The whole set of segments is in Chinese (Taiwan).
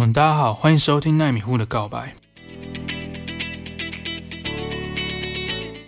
我們大家好，歡迎收聽奈米戶的告白。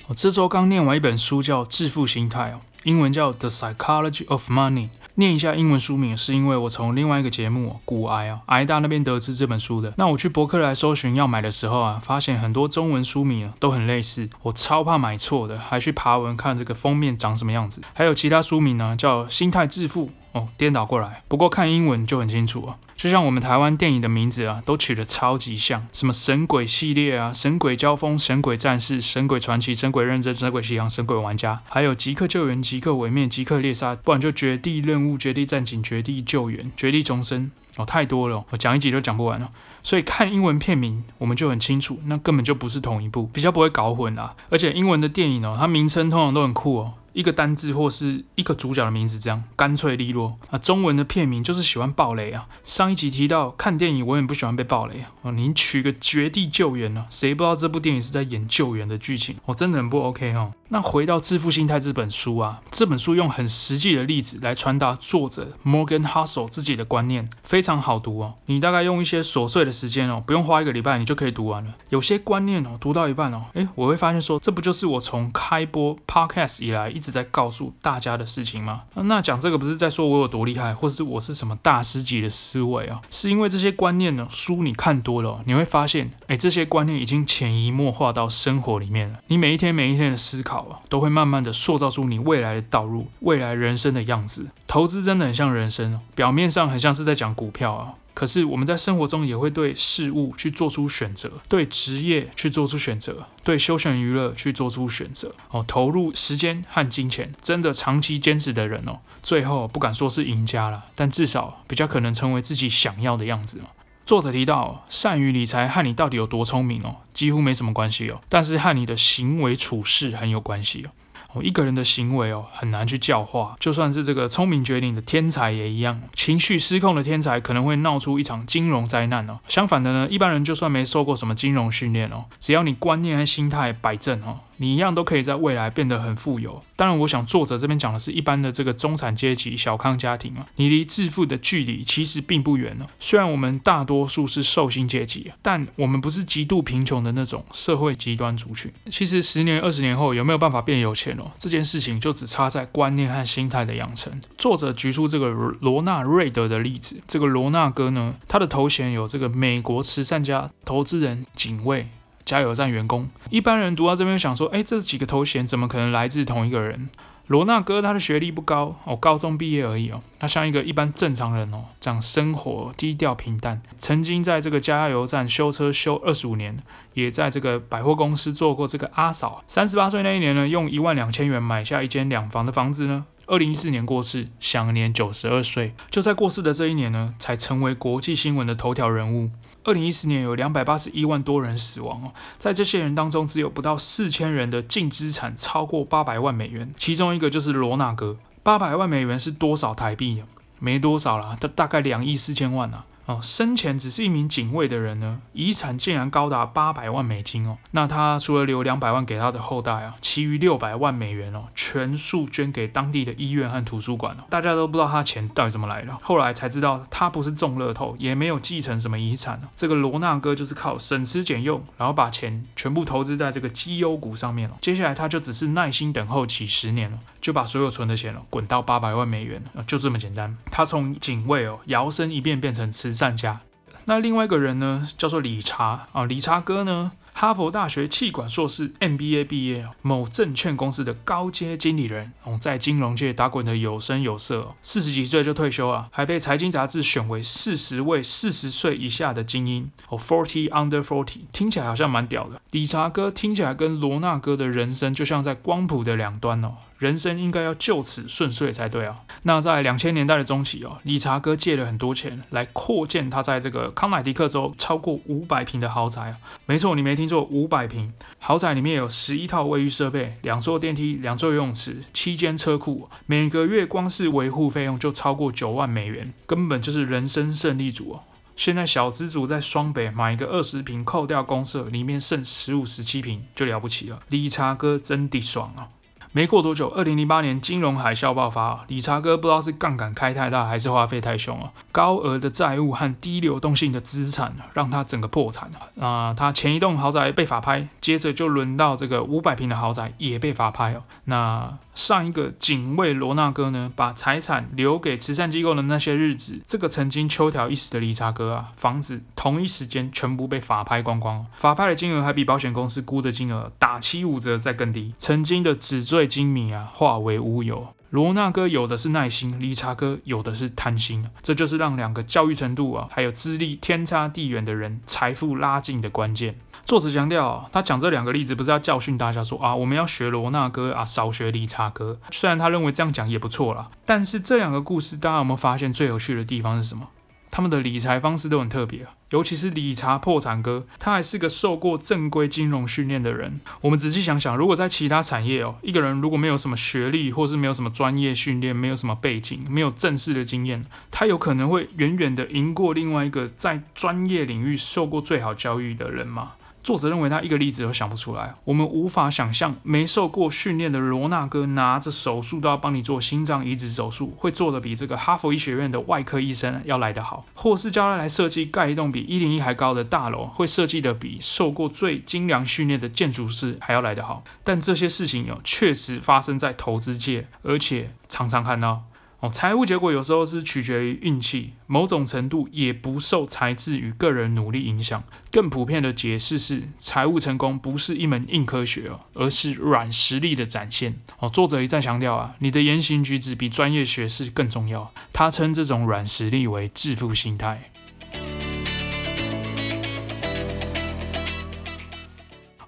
我這週剛念完一本書，叫《致富心態》，哦，英文叫《The Psychology of Money》。念一下英文書名，是因為我從另外一個節目，哦，古埃，哦，埃大那邊得知這本書的。那我去博客來搜尋要買的時候啊，發現很多中文書名都很類似，我超怕買錯的，還去爬文看這個封面長什麼樣子，還有其他書名呢，叫《心態致富》。哦，顛倒過來。不過看英文就很清楚啊、哦，就像我們台灣電影的名字啊，都取得超級像，什麼神鬼系列啊，神鬼交鋒、神鬼戰士、神鬼傳奇、神鬼認真、神鬼奇航、神鬼玩家，還有即刻救援、即刻毀滅、即刻獵殺，不然就絕地任務、絕地戰警、絕地救援、絕地重生。哦，太多了、哦，我講一集都講不完了、哦。所以看英文片名，我們就很清楚，那根本就不是同一部，比較不會搞混啦、啊。而且英文的電影哦，它名稱通常都很酷哦。一個單字或是一個主角的名字，這樣乾脆利落啊！中文的片名就是喜歡暴雷啊！上一集提到看電影，我也不喜歡被暴雷啊！哦，你取個《絕地救援》呢？誰不知道這部電影是在演救援的劇情？我、哦、真的很不 OK 哦！那回到《致富心態》這本書啊，這本書用很實際的例子來傳達作者 Morgan Housel 自己的觀念，非常好讀哦。你大概用一些瑣碎的時間哦，不用花一個禮拜，你就可以讀完了。有些觀念哦，讀到一半哦，誒，我會發現說，這不就是我從開播 Podcast 以來一一直在告訴大家的事情嗎？那講這個不是在說我有多厲害，或是我是什麼大師級的思維啊？是因為這些觀念呢，書你看多了，你會發現，哎，這些觀念已經潛移默化到生活裡面了。你每一天每一天的思考啊，都會慢慢的塑造出你未來的道路、未來人生的樣子。投資真的很像人生，表面上很像是在講股票啊。可是我們在生活中也會對事物去做出選擇，對職業去做出選擇，對休閒娛樂去做出選擇。哦，投入時間和金錢，真的長期堅持的人哦，最後不敢說是贏家啦，但至少比較可能成為自己想要的樣子嘛。作者提到，善於理財和你到底有多聰明哦，幾乎沒什麼關係哦，但是和你的行為處事很有關係哦。我一個人的行為哦，很難去教化，就算是這個聰明絕頂的天才也一樣，情緒失控的天才可能會鬧出一場金融災難哦。相反的呢，一般人就算沒受過什麼金融訓練哦，只要你觀念和心態擺正哦。你一樣都可以在未來變得很富有。當然，我想作者這邊講的是一般的這個中產階級、小康家庭啊，你離致富的距離其實並不遠了啊。雖然我們大多數是受薪階級，但我們不是極度貧窮的那種社會極端族群。其實十年、二十年後有沒有辦法變有錢哦？這件事情就只差在觀念和心態的養成。作者舉出這個羅納瑞德的例子，這個羅納哥呢，他的頭銜有這個美國慈善家、投資人、警衛。加油站員工，一般人讀到這邊想說，哎、欸，這幾個頭銜怎麼可能來自同一個人？羅納哥他的學歷不高，哦，高中畢業而已哦。他像一個一般正常人哦，這樣生活低調平淡。曾經在這個加油站修車修二十五年，也在這個百貨公司做過這個阿嫂。三十八歲那一年呢，用一萬兩千元買下一間兩房的房子呢。二零一四年過世，享年九十二歲。就在過世的這一年呢，才成為國際新聞的頭條人物。二零一四年有兩百八十一萬多人死亡哦，在這些人當中，只有不到四千人的淨資產超過八百萬美元，其中一個就是羅納德。八百萬美元是多少台幣？沒多少啦，大概兩億四千萬啊。哦，生前只是一名警衛的人呢，遺產竟然高達八百萬美金哦。那他除了留兩百萬給他的後代啊，其餘六百萬美元哦，全數捐給當地的醫院和圖書館哦。大家都不知道他錢到底怎麼來的，後來才知道他不是中樂透，也沒有繼承什麼遺產哦。這個羅納哥就是靠省吃儉用，然後把錢全部投資在這個績優股上面哦。接下來他就只是耐心等候幾十年了，就把所有存的錢了，哦，滾到八百萬美元，哦，就這麼簡單。他從警衛哦，搖身一變變成吃。戰家。那另外一個人呢，叫做理查啊，理查哥呢，哈佛大學企管碩士，MBA 畢業，某證券公司的高階經理人哦，在金融界打滾得有聲有色。四十幾歲就退休啊，還被財經雜誌選為四十位四十歲以下的精英哦，Forty Under Forty，聽起來好像蠻屌的。理查哥聽起來跟羅納哥的人生就像在光譜的兩端哦，人生應該要就此順遂才對哦、啊。那在兩千年代的中期哦，理查哥借了很多錢來擴建他在這個康乃狄克州超過五百平的豪宅啊，沒錯，你沒聽。一座五百平豪宅裡面有十一套衛浴設備，兩座電梯，兩座游泳池，七間車庫，每個月光是維護費用就超過九萬美元，根本就是人生勝利組哦、喔！現在小資族在雙北買一個二十平，扣掉公設裡面剩十五十七平就了不起了，理查哥真的爽哦、喔！沒過多久，二零零八年金融海嘯爆發、啊，理查哥不知道是槓桿開太大，還是花費太兇了、啊，高額的債務和低流動性的資產讓他整個破產啊、呃。他前一棟豪宅被法拍，接着就輪到這個五百坪的豪宅也被法拍哦、啊。那上一個警衛羅納哥呢，把財產留給慈善機構的那些日子，這個曾經秋條一時的理查哥啊，房子同一時間全部被法拍光光。法拍的金額還比保險公司估的金額打七五折再更低，曾經的紙醉。被精明啊，化為烏有。羅納哥有的是耐心，理查哥有的是貪心。這就是讓兩個教育程度啊，還有資歷天差地遠的人財富拉近的關鍵。作者強調啊，他講這兩個例子不是要教訓大家說啊，我們要學羅納哥啊，少學理查哥。雖然他認為這樣講也不錯啦，但是這兩個故事大家有沒有發現最有趣的地方是什麼？他們的理財方式都很特別啊。尤其是理查破產哥，他還是個受過正規金融訓練的人。我們仔細想想，如果在其他產業哦，一個人如果沒有什麼學歷，或是沒有什麼專業訓練，沒有什麼背景，沒有正式的經驗，他有可能會遠遠的贏過另外一個在專業領域受過最好教育的人嗎？作者認為他一個例子都想不出來。我們無法想象沒受過訓練的羅納哥拿着手術刀幫你做心臟移植手術，會做的比這個哈佛醫學院的外科醫生要來得好；或是叫他來設計蓋一棟比一零一還高的大樓，會設計的比受過最精良訓練的建築師還要來得好。但這些事情有確實發生在投資界，而且常常看到。哦，財務結果有時候是取決於運氣，某種程度也不受才智與個人努力影響。更普遍的解釋是，財務成功不是一門硬科學，而是軟實力的展現。哦，作者一再強調啊，你的言行舉止比專業學識更重要。他稱這種軟實力為致富心態。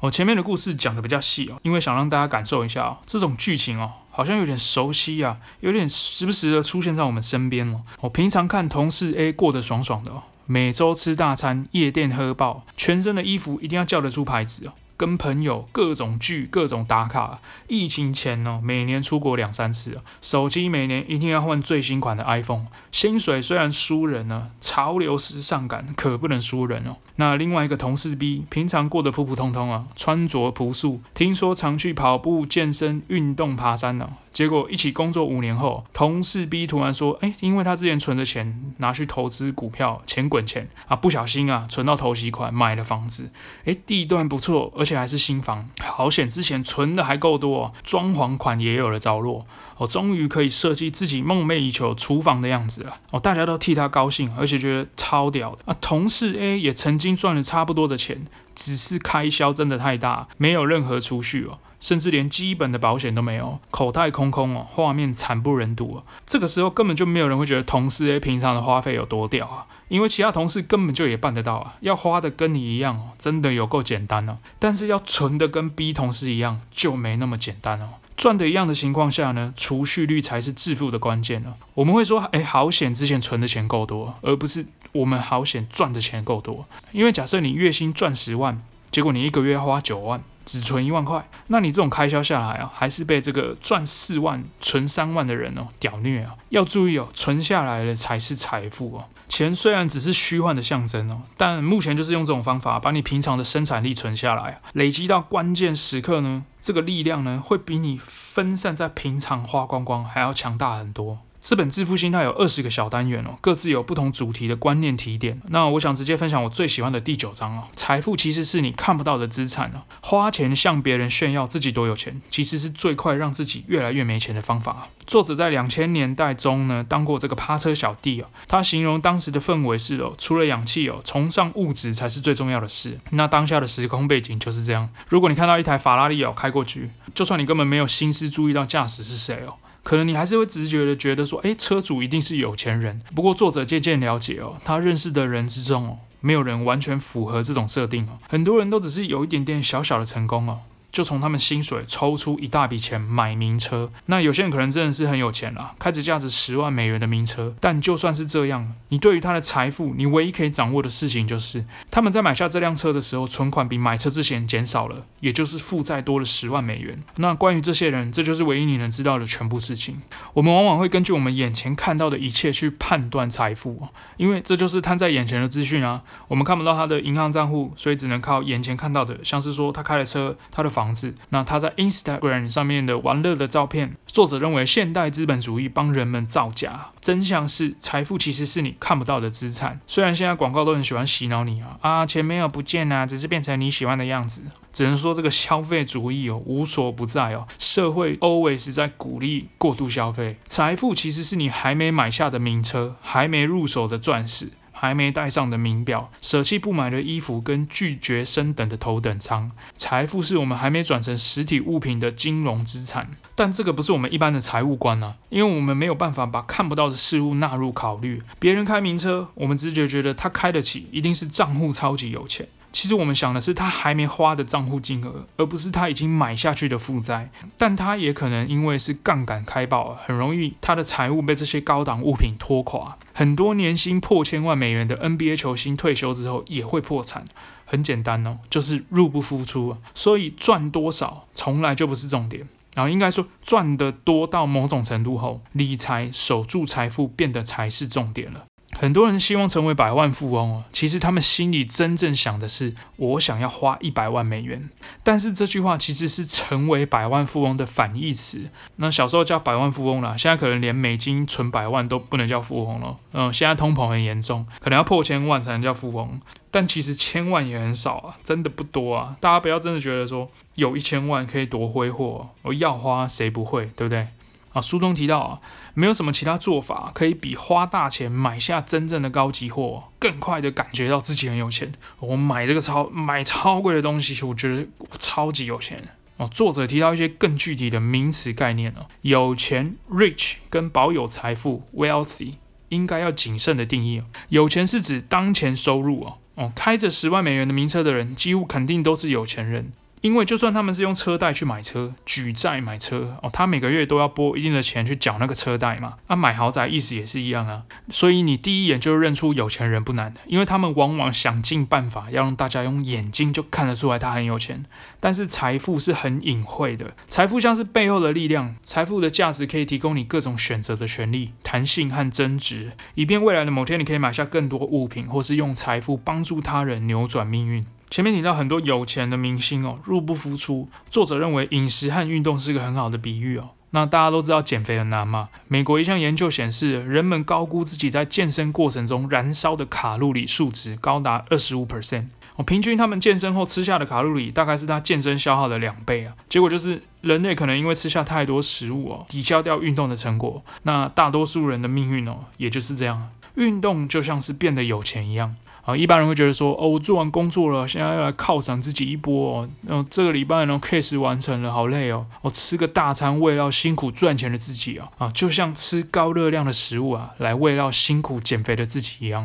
我前面的故事講的比較細哦，因為想讓大家感受一下哦，這種劇情哦，好像有點熟悉呀，有點時不時的出現在我們身邊哦。我平常看同事 A 過得爽爽的哦，每週吃大餐，夜店喝爆，全身的衣服一定要叫得出牌子哦。跟朋友各種聚，各種打卡、啊。疫情前呢、啊，每年出國兩三次、啊。手機每年一定要換最新款的 iPhone。薪水雖然輸人了、啊，潮流時尚感可不能輸人哦、啊。那另外一個同事 B，平常過得普普通通啊，穿着樸素。聽說常去跑步、健身、運動、爬山呢、啊。結果一起工作五年後，同事 B 突然說誒：“因為他之前存的錢拿去投資股票，錢滾錢啊，不小心啊，存到頭期款買了房子誒，地段不錯，而且還是新房，好險！之前存的還夠多、哦，裝潢款也有了着落，哦，終於可以設計自己夢寐以求廚房的樣子了。哦，大家都替他高興，而且覺得超屌的。啊，同事 A 也曾經賺了差不多的錢，只是開銷真的太大，沒有任何儲蓄哦。”甚至連基本的保險都沒有，口袋空空哦，畫面慘不忍睹啊、哦！這個時候根本就沒有人會覺得同事哎平常的花費有多掉啊，因為其他同事根本就也辦得到啊，要花的跟你一樣哦，真的有夠簡單哦、啊。但是要存的跟 B 同事一樣就沒那麼簡單哦、啊。賺的一樣的情況下呢，儲蓄率才是致富的關鍵、啊。我們會說哎、欸，好險之前存的錢夠多，而不是我們好險賺的錢夠多。因為假設你月薪賺十萬。結果你一個月花九萬，只存一萬塊，那你這種開銷下來啊，還是被這個賺四萬存三萬的人哦屌虐啊！要注意哦，存下來的才是財富哦。錢雖然只是虛幻的象徵哦，但目前就是用這種方法把你平常的生產力存下來，累積到關鍵時刻呢，這個力量呢會比你分散在平常花光光還要強大很多。這本《致富心態》有二十個小單元哦，各自有不同主題的觀念提點。那我想直接分享我最喜歡的第九章哦。財富其實是你看不到的資產哦。花錢向別人炫耀自己多有錢，其實是最快讓自己越來越沒錢的方法啊。作者在兩千年代中呢，當過這個趴車小弟哦。他形容當時的氛圍是哦，除了氧氣哦，崇尚物質才是最重要的事。那當下的時空背景就是這樣。如果你看到一台法拉利哦開過去，就算你根本沒有心思注意到駕駛是誰哦。可能你還是會直覺的覺得說，哎，車主一定是有錢人。不過作者漸漸了解哦，他認識的人之中哦，沒有人完全符合這種設定哦，很多人都只是有一點點小小的成功哦。就從他們薪水抽出一大筆錢買名車，那有些人可能真的是很有錢了，開着價值十萬美元的名車。但就算是這樣，你對於他的財富，你唯一可以掌握的事情就是，他們在買下這輛車的時候，存款比買車之前減少了，也就是負債多了十萬美元。那關於這些人，這就是唯一你能知道的全部事情。我們往往會根據我們眼前看到的一切去判斷財富，因為這就是攤在眼前的資訊啊。我們看不到他的銀行賬戶，所以只能靠眼前看到的，像是說他開了車，他的房。房子，那他在 Instagram 上面的玩樂的照片。作者認為現代資本主義幫人們造假，真相是財富其實是你看不到的資產。雖然現在廣告都很喜歡洗腦你啊啊，錢沒有不見啊，只是變成你喜歡的樣子，只能說這個消費主義哦無所不在哦，社會 always 在鼓勵過度消費。財富其實是你還沒買下的名車，還沒入手的鑽石。還沒戴上的名錶，捨棄不買的衣服，跟拒絕升等的頭等艙。財富是我們還沒轉成實體物品的金融資產，但這個不是我們一般的財務觀啊，因為我們沒有辦法把看不到的事物納入考慮。別人開名車，我們直覺覺得他開得起，一定是賬戶超級有錢。其實我們想的是他還沒花的賬戶金額，而不是他已經買下去的負債。但他也可能因為是槓桿開爆了，很容易他的財務被這些高檔物品拖垮。很多年薪破千萬美元的 NBA 球星退休之後也會破產，很簡單哦，就是入不敷出。所以賺多少從來就不是重點，然後應該說賺得多到某種程度後，理財守住財富變得才是重點了。很多人希望成為百萬富翁啊，其實他們心裡真正想的是，我想要花一百萬美元。但是這句話其實是成為百萬富翁的反義詞。那小時候叫百萬富翁啦，現在可能連美金存百萬都不能叫富翁了。嗯，現在通膨很嚴重，可能要破千萬才能叫富翁。但其實千萬也很少啊，真的不多啊。大家不要真的覺得說有一千萬可以多揮霍，我要花誰不會？對不對？啊，書中提到啊。沒有什麼其他做法可以比花大錢買下真正的高級貨更快的感覺到自己很有錢。我買這個超買超貴的東西，我覺得我超級有錢。哦，作者提到一些更具體的名詞概念哦：有錢 （rich） 跟保有財富 （wealthy） 應該要謹慎的定義哦。有錢是指當前收入哦。哦，開着十萬美元的名車的人幾乎肯定都是有錢人。因為就算他們是用車貸去買車、舉債買車哦，他每個月都要撥一定的錢去繳那個車貸嘛。啊，買豪宅意思也是一樣啊。所以你第一眼就認出有錢人不難，因為他們往往想盡辦法要讓大家用眼睛就看得出來他很有錢。但是財富是很隱晦的，財富像是背後的力量，財富的價值可以提供你各種選擇的權利、彈性和增值，以便未來的某天你可以買下更多物品，或是用財富幫助他人扭轉命運。前面提到很多有錢的明星哦，入不敷出。作者認為飲食和運動是一個很好的比喻哦。那大家都知道減肥很難嘛？美國一項研究顯示，人們高估自己在健身過程中燃燒的卡路里數值高達二十五 percent。哦，平均他們健身後吃下的卡路里大概是他健身消耗的兩倍啊。結果就是人類可能因為吃下太多食物哦，抵消掉運動的成果。那大多數人的命運哦，也就是這樣。運動就像是變得有錢一樣。啊，一般人會覺得說，哦，我做完工作了，現在要來犒賞自己一波哦。然、哦、這個禮拜呢 case 完成了，好累哦，我、哦、吃個大餐，餵到辛苦賺錢的自己哦，啊，就像吃高熱量的食物啊，來餵到辛苦減肥的自己一樣。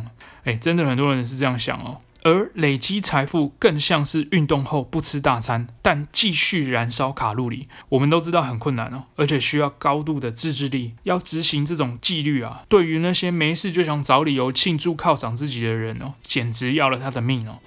哎、欸，真的很多人是這樣想哦。而累積財富更像是運動後不吃大餐，但繼續燃燒卡路里。我們都知道很困難哦，而且需要高度的自制力，要執行這種紀律啊。對於那些沒事就想找理由慶祝犒賞自己的人哦，簡直要了他的命哦。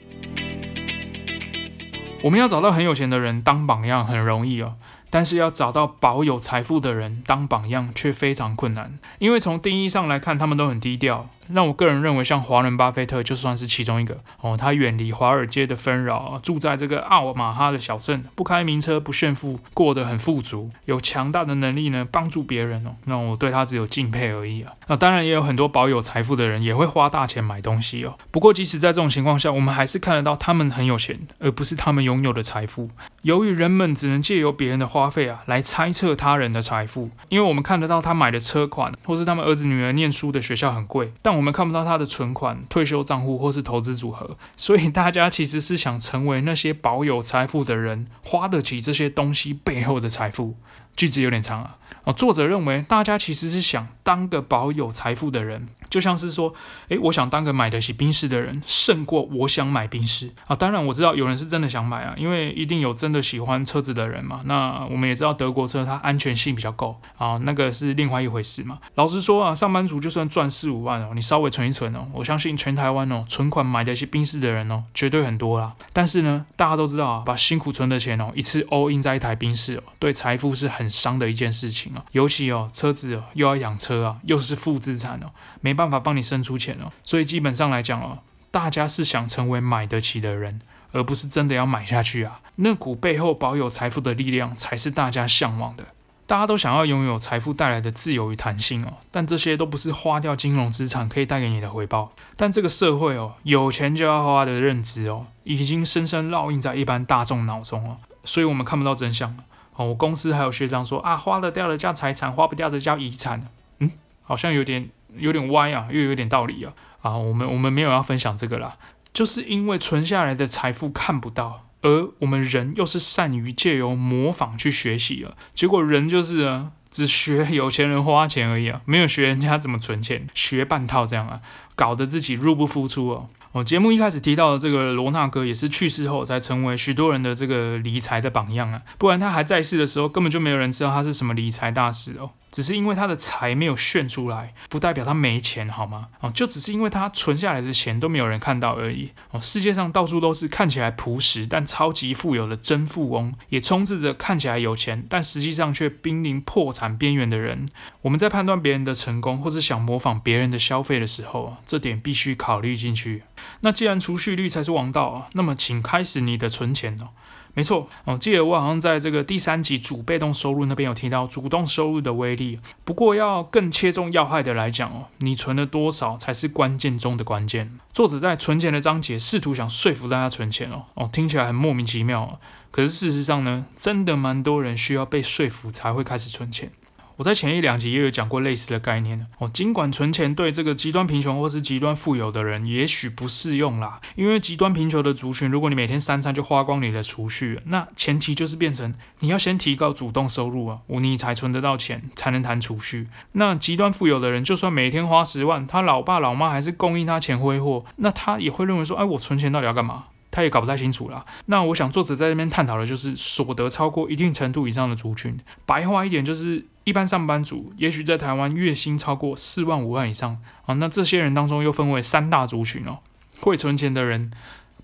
我們要找到很有錢的人當榜樣很容易哦，但是要找到保有財富的人當榜樣卻非常困難，因為從定義上來看，他們都很低調。那我個人認為，像華人巴菲特就算是其中一個哦，他遠離華爾街的紛擾，住在這個奧馬哈的小鎮，不開名車，不炫富，過得很富足，有強大的能力呢，幫助別人哦、喔。那我對他只有敬佩而已啊。那當然也有很多保有財富的人也會花大錢買東西哦、喔。不過即使在這種情況下，我們還是看得到他們很有錢，而不是他們擁有的財富。由於人們只能借由別人的花費啊來猜測他人的財富，因為我們看得到他買的車款，或是他們兒子女兒念書的學校很貴，但我們看不到他的存款、退休賬戶或是投資組合，所以大家其實是想成為那些保有財富的人，花得起這些東西背後的財富。句子有點長啊，哦，作者認為大家其實是想當個保有財富的人，就像是說，誒、欸，我想當個買得起賓士的人，勝過我想買賓士啊、哦。當然我知道有人是真的想買啊，因為一定有真的喜歡車子的人嘛。那我們也知道德國車它安全性比較夠啊、哦，那個是另外一回事嘛。老實說啊，上班族就算賺四五萬哦、喔，你稍微存一存哦、喔，我相信全台灣哦、喔，存款買得起賓士的人哦、喔，絕對很多啦。但是呢，大家都知道啊，把辛苦存的錢哦、喔，一次 all in 在一台賓士哦、喔，對財富是很。很傷的一件事情啊，尤其哦，車子哦又要養車啊，又是負資產哦，沒辦法幫你生出錢哦，所以基本上來講哦，大家是想成為買得起的人，而不是真的要買下去啊。那股背後保有財富的力量，才是大家嚮往的。大家都想要擁有財富帶來的自由與彈性哦，但這些都不是花掉金融資產可以帶給你的回報。但這個社會哦，有錢就要花的認知哦，已經深深烙印在一般大眾腦中了，所以我們看不到真相。哦，我公司還有學長說啊，花得掉的叫財產，花不掉的叫遺產。嗯，好像有點有點歪啊，又有點道理啊。啊，我們我們沒有要分享這個啦，就是因為存下來的財富看不到，而我們人又是善於借由模仿去學習的，啊，結果人就是啊，只學有錢人花錢而已啊，沒有學人家怎麼存錢，學半套這樣啊，搞得自己入不敷出哦啊。哦，節目一開始提到的這個羅納哥也是去世後才成為許多人的這個理財的榜樣啊，不然他還在世的時候根本就沒有人知道他是什麼理財大師哦，只是因為他的財沒有炫出來，不代表他沒錢好嗎？哦，就只是因為他存下來的錢都沒有人看到而已。哦，世界上到處都是看起來樸實但超級富有的真富翁，也充斥着看起來有錢但實際上卻瀕臨破產邊緣的人。我們在判斷別人的成功或是想模仿別人的消費的時候，這點必須考慮進去。那既然儲蓄率才是王道啊，那麼請開始你的存錢哦。沒錯哦，記得我好像在這個第三集主被動收入那邊有提到主動收入的威力。不過要更切中要害的來講哦，你存了多少才是關鍵中的關鍵。作者在存錢的章節試圖想說服大家存錢哦，哦聽起來很莫名其妙，可是事實上呢，真的蠻多人需要被說服才會開始存錢。我在前一兩集也有講過類似的概念哦。儘管存錢對這個極端貧窮或是極端富有的人也許不適用啦，因為極端貧窮的族群，如果你每天三餐就花光你的儲蓄，那前提就是變成你要先提高主動收入啊，你才存得到錢，才能談儲蓄。那極端富有的人，就算每天花十萬，他老爸老媽還是供應他錢揮霍，那他也會認為說，哎，我存錢到底要幹嘛？他也搞不太清楚啦。那我想作者在這邊探討的就是所得超過一定程度以上的族群，白話一點就是一般上班族，也許在台灣月薪超過四萬五萬以上啊。那這些人當中又分為三大族群哦：會存錢的人、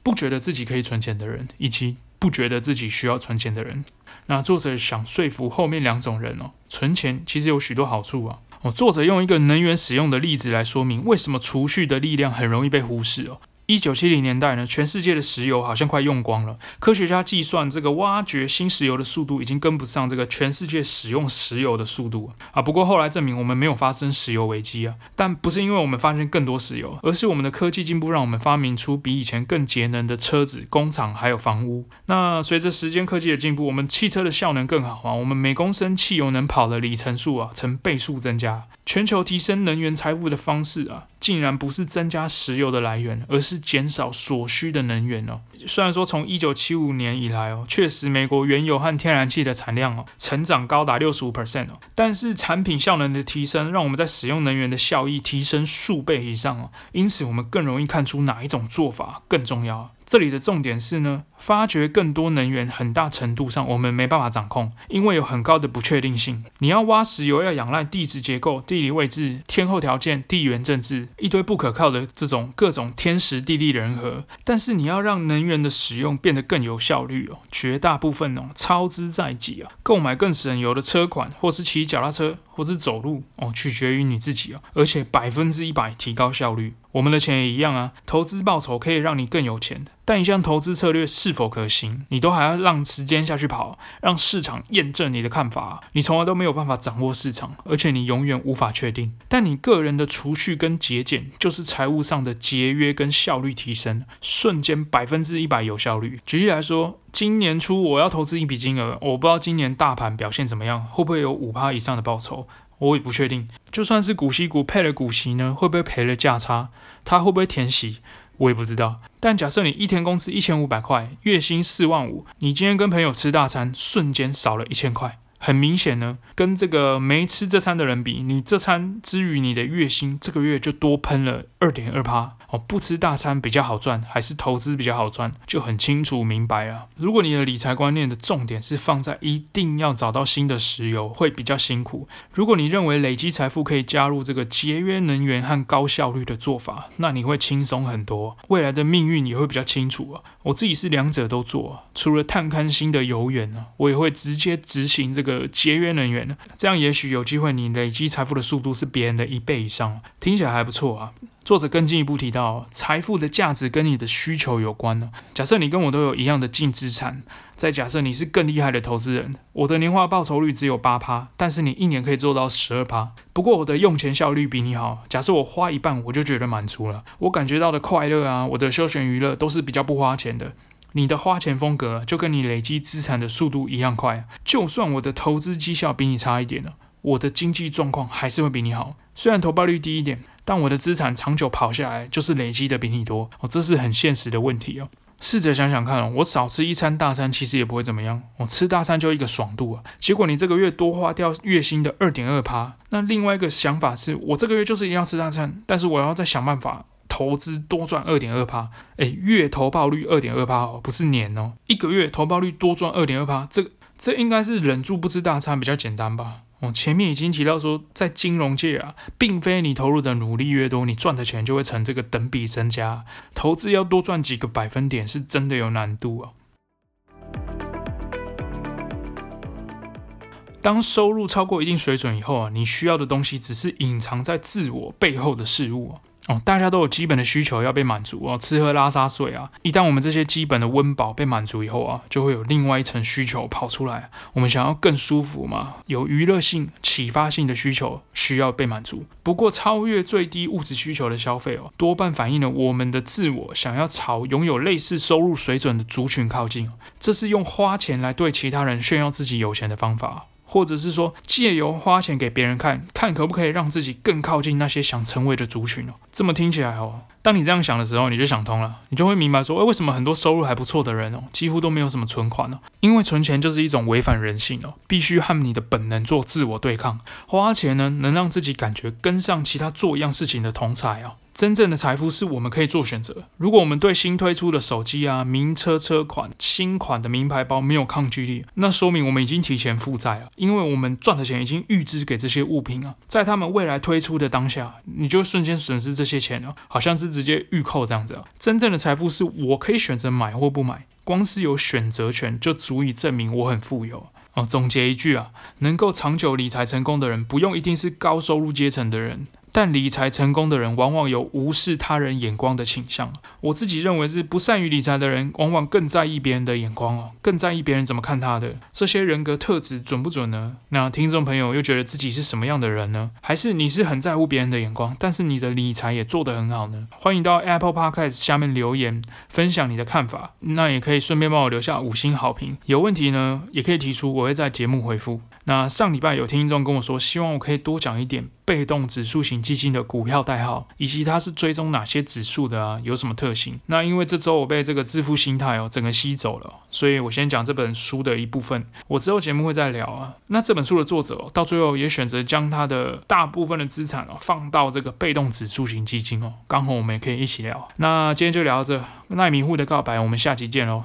不覺得自己可以存錢的人，以及不覺得自己需要存錢的人。那作者想說服後面兩種人哦，存錢其實有許多好處啊。哦，作者用一個能源使用的例子來說明為什麼儲蓄的力量很容易被忽視哦。一九七零年代呢，全世界的石油好像快用光了。科學家計算，這個挖掘新石油的速度已經跟不上這個全世界使用石油的速度啊。不過後來證明，我們沒有發生石油危機啊。但不是因為我們發現更多石油，而是我們的科技進步讓我們發明出比以前更節能的車子、工廠還有房屋。那隨着時間科技的進步，我們汽車的效能更好啊。我們每公升汽油能跑的里程數啊，呈倍數增加。全球提升能源財富的方式啊。竟然不是增加石油的來源，而是減少所需的能源哦。雖然說，從一九七五年以來哦，確實美國原油和天然氣的產量哦，成長高達六十五 percent 哦，但是產品效能的提升，讓我們在使用能源的效益提升數倍以上哦。因此，我們更容易看出哪一種做法更重要。這裡的重點是呢，發掘更多能源，很大程度上我們沒辦法掌控，因為有很高的不確定性。你要挖石油，要仰賴地質結構、地理位置、天候條件、地緣政治，一堆不可靠的這種各種天時地利人和。但是你要讓能源的使用變得更有效率哦，絕大部分哦，操之在己啊，購買更省油的車款，或是騎腳踏車，或是走路哦，取決於你自己哦，而且百分之一百提高效率。我們的錢也一樣啊，投資報酬可以讓你更有錢。但一項投資策略是否可行，你都還要讓時間下去跑，讓市場驗證你的看法。你從來都沒有辦法掌握市場，而且你永遠無法確定。但你個人的儲蓄跟節儉，就是財務上的節約跟效率提升，瞬間百分之一百有效率。舉例來說，今年初我要投資一筆金額，我不知道今年大盤表現怎麼樣，會不會有五趴以上的報酬。我也不確定，就算是股息股配了股息呢，會不會賠了價差？它會不會填息？我也不知道。但假設你一天工資一千五百塊，月薪四萬五，你今天跟朋友吃大餐，瞬間少了一千塊。很明顯呢，跟這個沒吃這餐的人比，你這餐之餘你的月薪，這個月就多噴了二點二趴。哦，不吃大餐比較好賺，還是投資比較好賺，就很清楚明白了。如果你的理財觀念的重點是放在一定要找到新的石油，會比較辛苦。如果你認為累積財富可以加入這個節約能源和高效率的做法，那你會輕鬆很多，未來的命運也會比較清楚啊。我自己是兩者都做，除了探勘新的油源呢，我也會直接執行這個節約能源呢。這樣也許有機會，你累積財富的速度是別人的一倍以上，聽起來還不錯啊。作者更進一步提到。財富的價值跟你的需求有關呢、啊。假設你跟我都有一樣的淨資產，再假設你是更厲害的投資人，我的年化報酬率只有八趴，但是你一年可以做到十二趴。不過我的用錢效率比你好，假設我花一半我就覺得滿足了，我感覺到的快樂啊，我的休閒娛樂都是比較不花錢的。你的花錢風格就跟你累積資產的速度一樣快，就算我的投資績效比你差一點呢、啊，我的經濟狀況還是會比你好，雖然投報率低一點。但我的資產長久跑下來，就是累積的比你多哦，這是很現實的問題哦。試着想想看哦，我少吃一餐大餐，其實也不會怎麼樣。我哦，吃大餐就一個爽度啊。結果你這個月多花掉月薪的二點二趴，那另外一個想法是，我這個月就是一樣吃大餐，但是我要再想辦法投資多賺二點二趴，哎，欸，月投報率二點二趴哦，不是年哦，一個月投報率多賺二點二趴，這這應該是忍住不吃大餐比較簡單吧。我前面已經提到說，在金融界啊，並非你投入的努力越多，你賺的錢就會成這個等比增加。投資要多賺幾個百分點，是真的有難度哦、啊。當收入超過一定水準以後啊，你需要的東西只是隱藏在自我背後的事物、啊。大家都有基本的需求要被滿足哦，吃喝拉撒睡啊。一旦我們這些基本的溫飽被滿足以後啊，就會有另外一層需求跑出來，我們想要更舒服嘛，有娛樂性、啟發性的需求需要被滿足。不過，超越最低物質需求的消費哦，多半反映了我們的自我想要朝擁有類似收入水準的族群靠近，這是用花錢來對其他人炫耀自己有錢的方法。或者是說借由花錢給別人看看可不可以讓自己更靠近那些想成為的族群哦、喔。這麼聽起來哦、喔，當你這樣想的時候，你就想通了，你就會明白說，哎、欸，為什麼很多收入還不錯的人哦、喔，幾乎都沒有什麼存款呢、喔？因為存錢就是一種違反人性哦、喔，必須和你的本能做自我對抗。花錢呢，能讓自己感覺跟上其他做一樣事情的同儕、喔。哦。真正的財富是我們可以做選擇。如果我們對新推出的手機啊、名車車款、新款的名牌包沒有抗拒力，那說明我們已經提前負債了，因為我們賺的錢已經預支給這些物品了啊。在他們未來推出的當下，你就瞬間損失這些錢了啊，好像是直接預扣這樣子啊。真正的財富是我可以選擇買或不買，光是有選擇權就足以證明我很富有。總結一句啊，能夠長久理財成功的人，不用一定是高收入階層的人。但理財成功的人，往往有無視他人眼光的傾向。我自己認為是不善於理財的人，往往更在意別人的眼光哦，更在意別人怎麼看他的。這些人格特質準不準呢？那聽眾朋友又覺得自己是什麼樣的人呢？還是你是很在乎別人的眼光，但是你的理財也做得很好呢？歡迎到 Apple Podcast 下面留言分享你的看法。那也可以順便幫我留下五星好評。有問題呢，也可以提出，我會在節目回復。那上禮拜有聽眾跟我說，希望我可以多講一點被動指數型基金的股票代號，以及它是追蹤哪些指數的啊，有什麼特性？那因為這週我被這個致富心態哦整個吸走了，所以我先講這本書的一部分，我之後節目會再聊啊。那這本書的作者到最後也選擇將他的大部分的資產哦放到這個被動指數型基金哦，剛好我們也可以一起聊。那今天就聊到這，奈米戶的告白，我們下集見嘍。